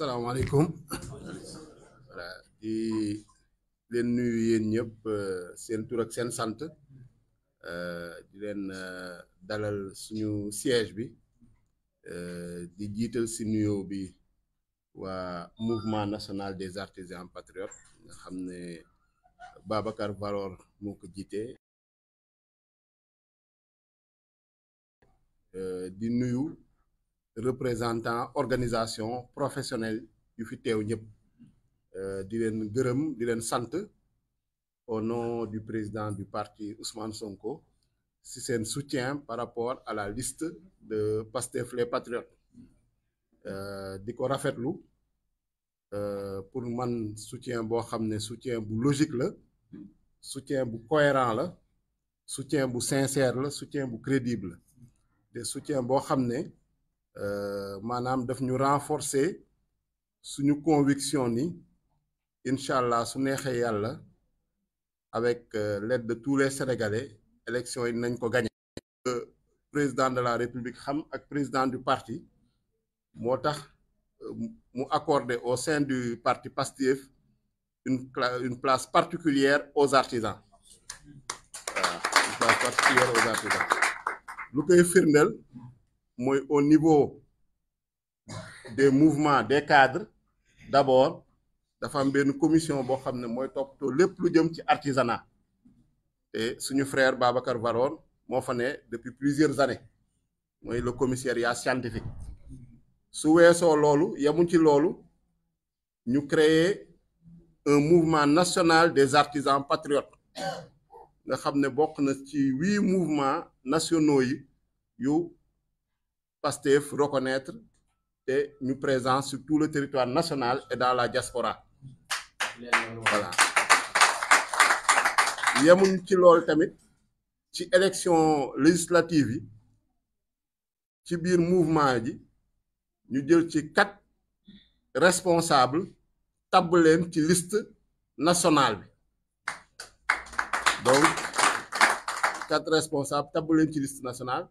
salaamaaleykum voilà di len nuyu yeen ñep euh, seen tour ak seen euh di len euh, dalal suñu siège bi euh di jiital ci nuyo bi wa mouvement national des artisans patriotes nga xamné Babacar Valor moko jité euh di nuyu représentants, organisations, professionnelles du futur teew Grum, euh, di au nom du président du parti Ousmane Sonko si un soutien par rapport à la liste de Pastef les patriotes euh, di ko euh, pour man soutien bo soutien bu logique soutien cohérent soutien bu sincère soutien bu crédible des soutien bon euh, Madame daf ñu renforcer suñu conviction ni inshallah, su avec euh, l'aide de tous les sénégalais élection yi gagnée le président de la république xam ak président du parti motax euh, accordé au sein du parti PASTIEF une place particulière aux artisans une place particulière aux artisans au niveau des mouvements des cadres d'abord dafa de une commission qui a ne plus plus de lu jëm ci artisanat et frère Babacar Varon, m'a fait, depuis plusieurs années le commissariat scientifique su weesoo loolu yemuñ ci nous créer un mouvement national des artisans patriotes Nous avons ne huit mouvements nationaux yu PASTEF reconnaître et nous présent sur tout le territoire national et dans la diaspora voilà yemuñ ci loolu tamit ci élection législative qui ci mouvement ji nous quatre responsables tableaux liste nationale donc quatre responsables tableaux liste nationale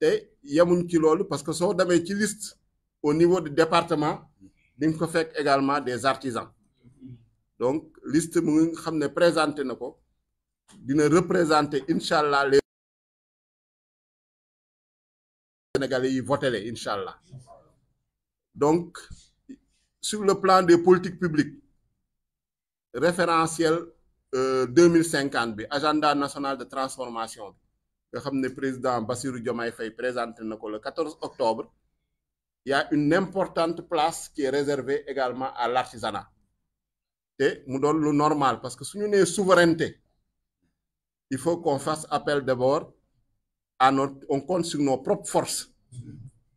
il te yemuñ ci loolu parce que on a ci liste au niveau du département di également des artisans donc liste mo ngi présenter, ne présenté dina représenter inshallah les Sénégalais yi voté donc sur le plan des politiques publiques référentiel 2050, euh, b agenda national de transformation le président Bassirou Diomaye Faye présente le 14 octobre il y a une importante place qui est réservée également à l'artisanat et nous le le normal parce que avons une souveraineté il faut qu'on fasse appel d'abord à notre on compte sur nos propres forces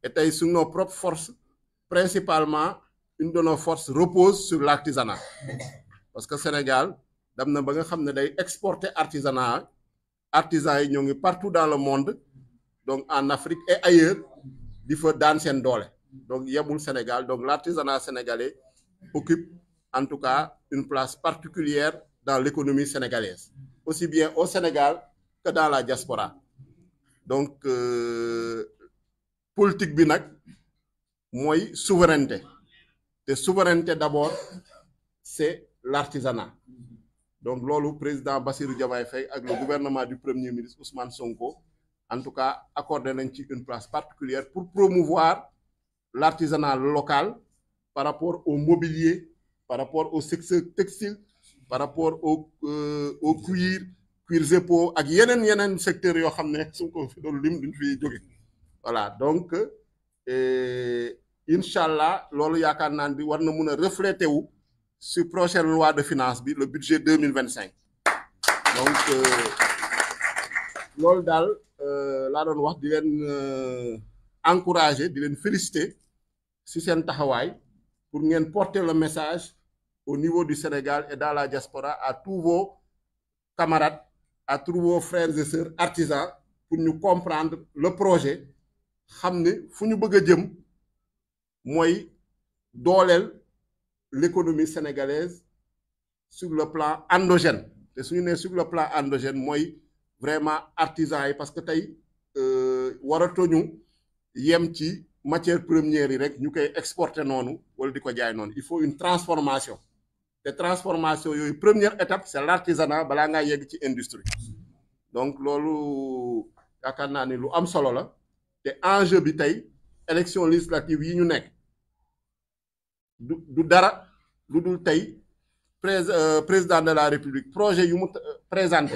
et sur nos propres forces principalement une de nos forces repose sur l'artisanat parce que Sénégal nous avons ba nga exporter artisans yi partout dans le monde donc en Afrique et ailleurs di fa daan seen doole donc yebul Sénégal donc l'artisanat sénégalais occupe en tout cas une place particulière dans l'économie sénégalaise aussi bien au Sénégal que dans la diaspora donc euh, politique bi nag mooy souveraineté te souveraineté d'abord c'est l'artisanat donc le président Bassir Diomaye Faye ak le gouvernement du premier ministre Ousmane Sonko en tout cas accordé une place particulière pour promouvoir l'artisanat local par rapport au mobilier par rapport au sexe textile par rapport au euh, au cuir cuir zépo, et il y a un secteur qui est ko voilà donc euh, Inch'Allah, Inch'Allah, loolu yaakaar naa ni war na refléter sur prochaine loi de finances le budget 2025. donc euh, Loldal, euh, la loi wax euh, encourager di féliciter si pour nous porter le message au niveau du Sénégal et dans la diaspora à tous vos camarades à tous vos frères et sœurs artisans pour nous comprendre le projet Nous bëgg l'économie sénégalaise sur le plan endogène Je sur le plan endogène moi, vraiment artisan parce que il euh, yem ci matière première exporter il faut une transformation La transformation la première étape c'est l'artisanat industrie donc nous, nous, législative Nous, du dara euh, président de la république projet euh, présenté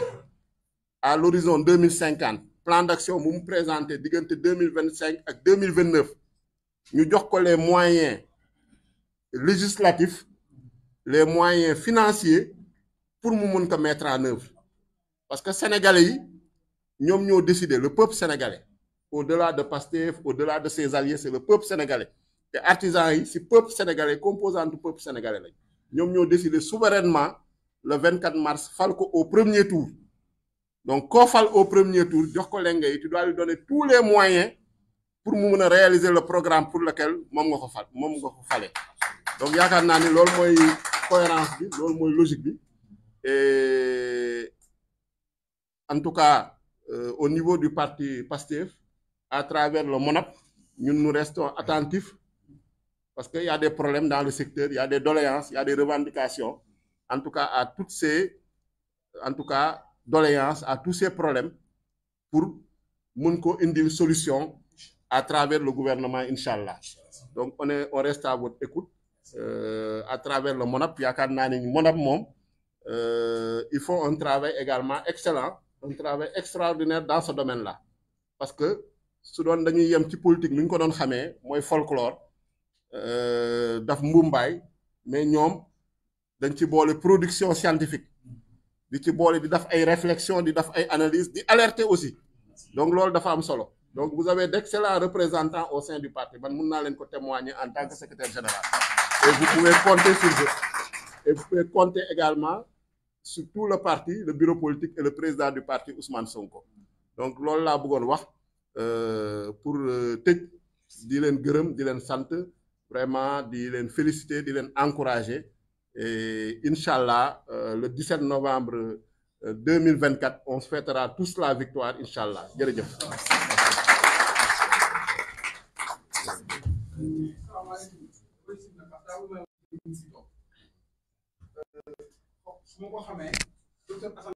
à l'horizon 2050, plan d'action mu présenté en 2025 et ak les moyens législatifs les moyens financiers pour mu mettre en œuvre parce que sénégalais nous avons décidé le peuple sénégalais au-delà de Pastef au-delà de ses alliés c'est le peuple sénégalais les artisans c'est le peuple sénégalais composant du peuple sénégalais nous ont décidé souverainement le 24 mars au premier tour donc au premier tour tu dois lui donner tous les moyens pour réaliser le programme pour lequel il nga donc il y a cohérence une logique et en tout cas euh, au niveau du parti PASTEF à travers le MONAP nous nous restons attentifs parce qu'il y a des problèmes dans le secteur, il y a des doléances, il y a des revendications. En tout cas, à toutes ces, en tout cas, doléances, à tous ces problèmes, pour Mounko une solution à travers le gouvernement, Inch'Allah. Donc, on, est, on reste à votre écoute. Euh, à travers le MONAP, puis y a ils font un travail également excellent un travail extraordinaire dans ce domaine là parce que su y dañuy yem ci politique ni ne ko folklore euh, daf Mumbai mais nous dañ ci bolé production scientifique di ci bolé di daf ay réflexion di analyse di alerter aussi donc lool dafa am solo donc vous avez d'excellents représentants au sein du parti man leen ko témoigner en tant que secrétaire général et vous pouvez compter sur eux et vous pouvez compter également sur tout le parti le bureau politique et le président du parti Ousmane Sonko donc lool la bëggone wax euh, pour euh, tëj di leen gërëm di leen vraiment de les féliciter de les encourager et Inch'Allah, euh, le 17 novembre 2024 euh, on se fêtera tous la victoire inshallah